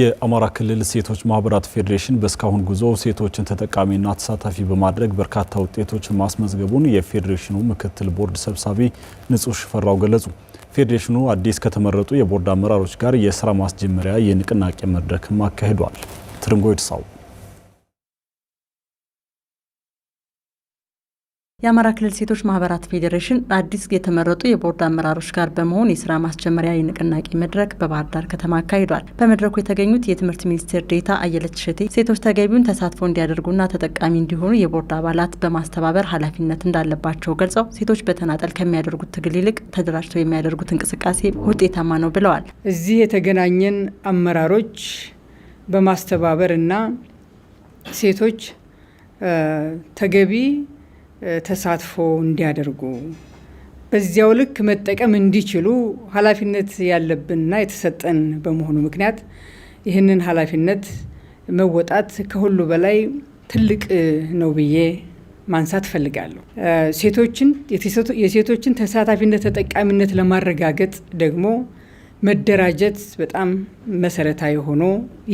የአማራ ክልል ሴቶች ማህበራት ፌዴሬሽን በእስካሁን ጉዞ ሴቶችን ተጠቃሚና ተሳታፊ በማድረግ በርካታ ውጤቶችን ማስመዝገቡን የፌዴሬሽኑ ምክትል ቦርድ ሰብሳቢ ንጹህ ሽፈራው ገለጹ። ፌዴሬሽኑ አዲስ ከተመረጡ የቦርድ አመራሮች ጋር የስራ ማስጀመሪያ የንቅናቄ መድረክም አካሂዷል። ትርንጎ ይድሳው የአማራ ክልል ሴቶች ማህበራት ፌዴሬሽን አዲስ የተመረጡ የቦርድ አመራሮች ጋር በመሆን የስራ ማስጀመሪያ የንቅናቄ መድረክ በባህር ዳር ከተማ አካሂዷል። በመድረኩ የተገኙት የትምህርት ሚኒስቴር ዴታ አየለች ሸቴ ሴቶች ተገቢውን ተሳትፎ እንዲያደርጉና ተጠቃሚ እንዲሆኑ የቦርድ አባላት በማስተባበር ኃላፊነት እንዳለባቸው ገልጸው ሴቶች በተናጠል ከሚያደርጉት ትግል ይልቅ ተደራጅተው የሚያደርጉት እንቅስቃሴ ውጤታማ ነው ብለዋል። እዚህ የተገናኘን አመራሮች በማስተባበር እና ሴቶች ተገቢ ተሳትፎ እንዲያደርጉ በዚያው ልክ መጠቀም እንዲችሉ ኃላፊነት ያለብንና የተሰጠን በመሆኑ ምክንያት ይህንን ኃላፊነት መወጣት ከሁሉ በላይ ትልቅ ነው ብዬ ማንሳት እፈልጋለሁ። ሴቶችን የሴቶችን ተሳታፊነት ተጠቃሚነት ለማረጋገጥ ደግሞ መደራጀት በጣም መሰረታዊ ሆኖ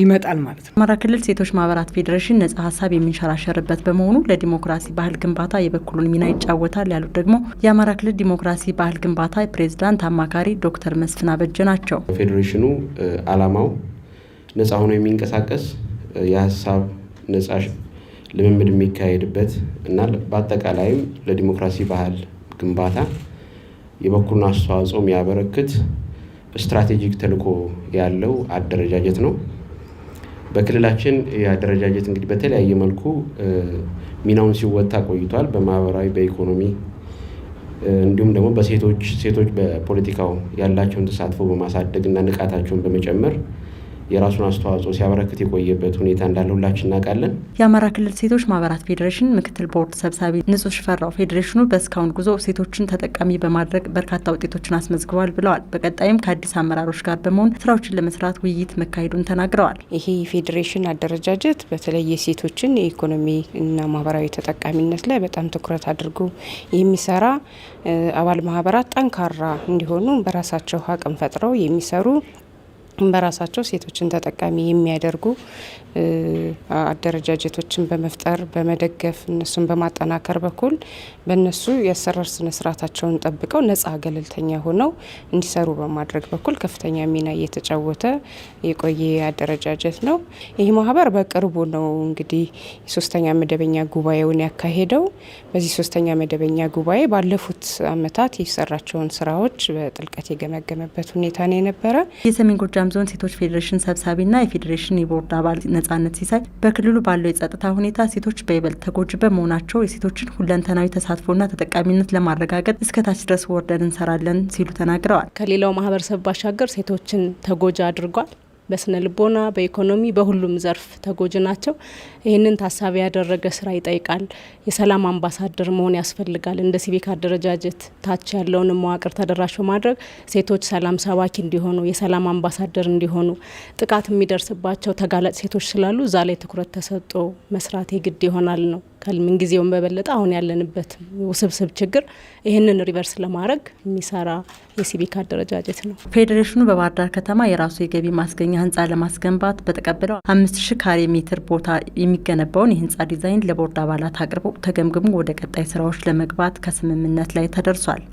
ይመጣል ማለት ነው። አማራ ክልል ሴቶች ማህበራት ፌዴሬሽን ነጻ ሀሳብ የሚንሸራሸርበት በመሆኑ ለዲሞክራሲ ባህል ግንባታ የበኩሉን ሚና ይጫወታል ያሉት ደግሞ የአማራ ክልል ዲሞክራሲ ባህል ግንባታ ፕሬዝዳንት አማካሪ ዶክተር መስፍን አበጀ ናቸው። ፌዴሬሽኑ አላማው ነጻ ሆኖ የሚንቀሳቀስ የሀሳብ ነጻ ልምምድ የሚካሄድበት እና በአጠቃላይም ለዲሞክራሲ ባህል ግንባታ የበኩሉን አስተዋጽኦ የሚያበረክት ስትራቴጂክ ተልዕኮ ያለው አደረጃጀት ነው። በክልላችን የአደረጃጀት እንግዲህ በተለያየ መልኩ ሚናውን ሲወጣ ቆይቷል። በማህበራዊ፣ በኢኮኖሚ እንዲሁም ደግሞ በሴቶች ሴቶች በፖለቲካው ያላቸውን ተሳትፎ በማሳደግ እና ንቃታቸውን በመጨመር የራሱን አስተዋጽኦ ሲያበረክት የቆየበት ሁኔታ እንዳለ ሁላችን እናውቃለን። የአማራ ክልል ሴቶች ማህበራት ፌዴሬሽን ምክትል ቦርድ ሰብሳቢ ንጹህ ሽፈራው ፌዴሬሽኑ በእስካሁን ጉዞ ሴቶችን ተጠቃሚ በማድረግ በርካታ ውጤቶችን አስመዝግበዋል ብለዋል። በቀጣይም ከአዲስ አመራሮች ጋር በመሆን ስራዎችን ለመስራት ውይይት መካሄዱን ተናግረዋል። ይሄ የፌዴሬሽን አደረጃጀት በተለይ የሴቶችን የኢኮኖሚ እና ማህበራዊ ተጠቃሚነት ላይ በጣም ትኩረት አድርጎ የሚሰራ አባል ማህበራት ጠንካራ እንዲሆኑ በራሳቸው አቅም ፈጥረው የሚሰሩ በራሳቸው ሴቶችን ተጠቃሚ የሚያደርጉ አደረጃጀቶችን በመፍጠር በመደገፍ እነሱን በማጠናከር በኩል በእነሱ የአሰራር ስነስርዓታቸውን ጠብቀው ነጻ ገለልተኛ ሆነው እንዲሰሩ በማድረግ በኩል ከፍተኛ ሚና እየተጫወተ የቆየ አደረጃጀት ነው። ይህ ማህበር በቅርቡ ነው እንግዲህ የሶስተኛ መደበኛ ጉባኤውን ያካሄደው። በዚህ ሶስተኛ መደበኛ ጉባኤ ባለፉት አመታት የሰራቸውን ስራዎች በጥልቀት የገመገመበት ሁኔታ ነው የነበረ። የሰሜን የጎጃም ዞን ሴቶች ፌዴሬሽን ሰብሳቢና የፌዴሬሽን የቦርድ አባል ነጻነት ሲሳይ በክልሉ ባለው የጸጥታ ሁኔታ ሴቶች በይበልጥ ተጎጂ በመሆናቸው የሴቶችን ሁለንተናዊ ተሳትፎና ተጠቃሚነት ለማረጋገጥ እስከታች ድረስ ወርደን እንሰራለን ሲሉ ተናግረዋል። ከሌላው ማህበረሰብ ባሻገር ሴቶችን ተጎጂ አድርጓል። በስነ ልቦና፣ በኢኮኖሚ፣ በሁሉም ዘርፍ ተጎጂ ናቸው። ይህንን ታሳቢ ያደረገ ስራ ይጠይቃል። የሰላም አምባሳደር መሆን ያስፈልጋል። እንደ ሲቪክ አደረጃጀት ታች ያለውን መዋቅር ተደራሽ በማድረግ ሴቶች ሰላም ሰባኪ እንዲሆኑ፣ የሰላም አምባሳደር እንዲሆኑ፣ ጥቃት የሚደርስባቸው ተጋላጭ ሴቶች ስላሉ እዛ ላይ ትኩረት ተሰጥቶ መስራት የግድ ይሆናል ነው መካከል ምንጊዜውን በበለጠ አሁን ያለንበት ውስብስብ ችግር ይህንን ሪቨርስ ለማድረግ የሚሰራ የሲቪክ አደረጃጀት ነው። ፌዴሬሽኑ በባህር ዳር ከተማ የራሱ የገቢ ማስገኛ ህንፃ ለማስገንባት በተቀበለው አምስት ሺ ካሬ ሜትር ቦታ የሚገነባውን የህንፃ ዲዛይን ለቦርድ አባላት አቅርቦ ተገምግሞ ወደ ቀጣይ ስራዎች ለመግባት ከስምምነት ላይ ተደርሷል።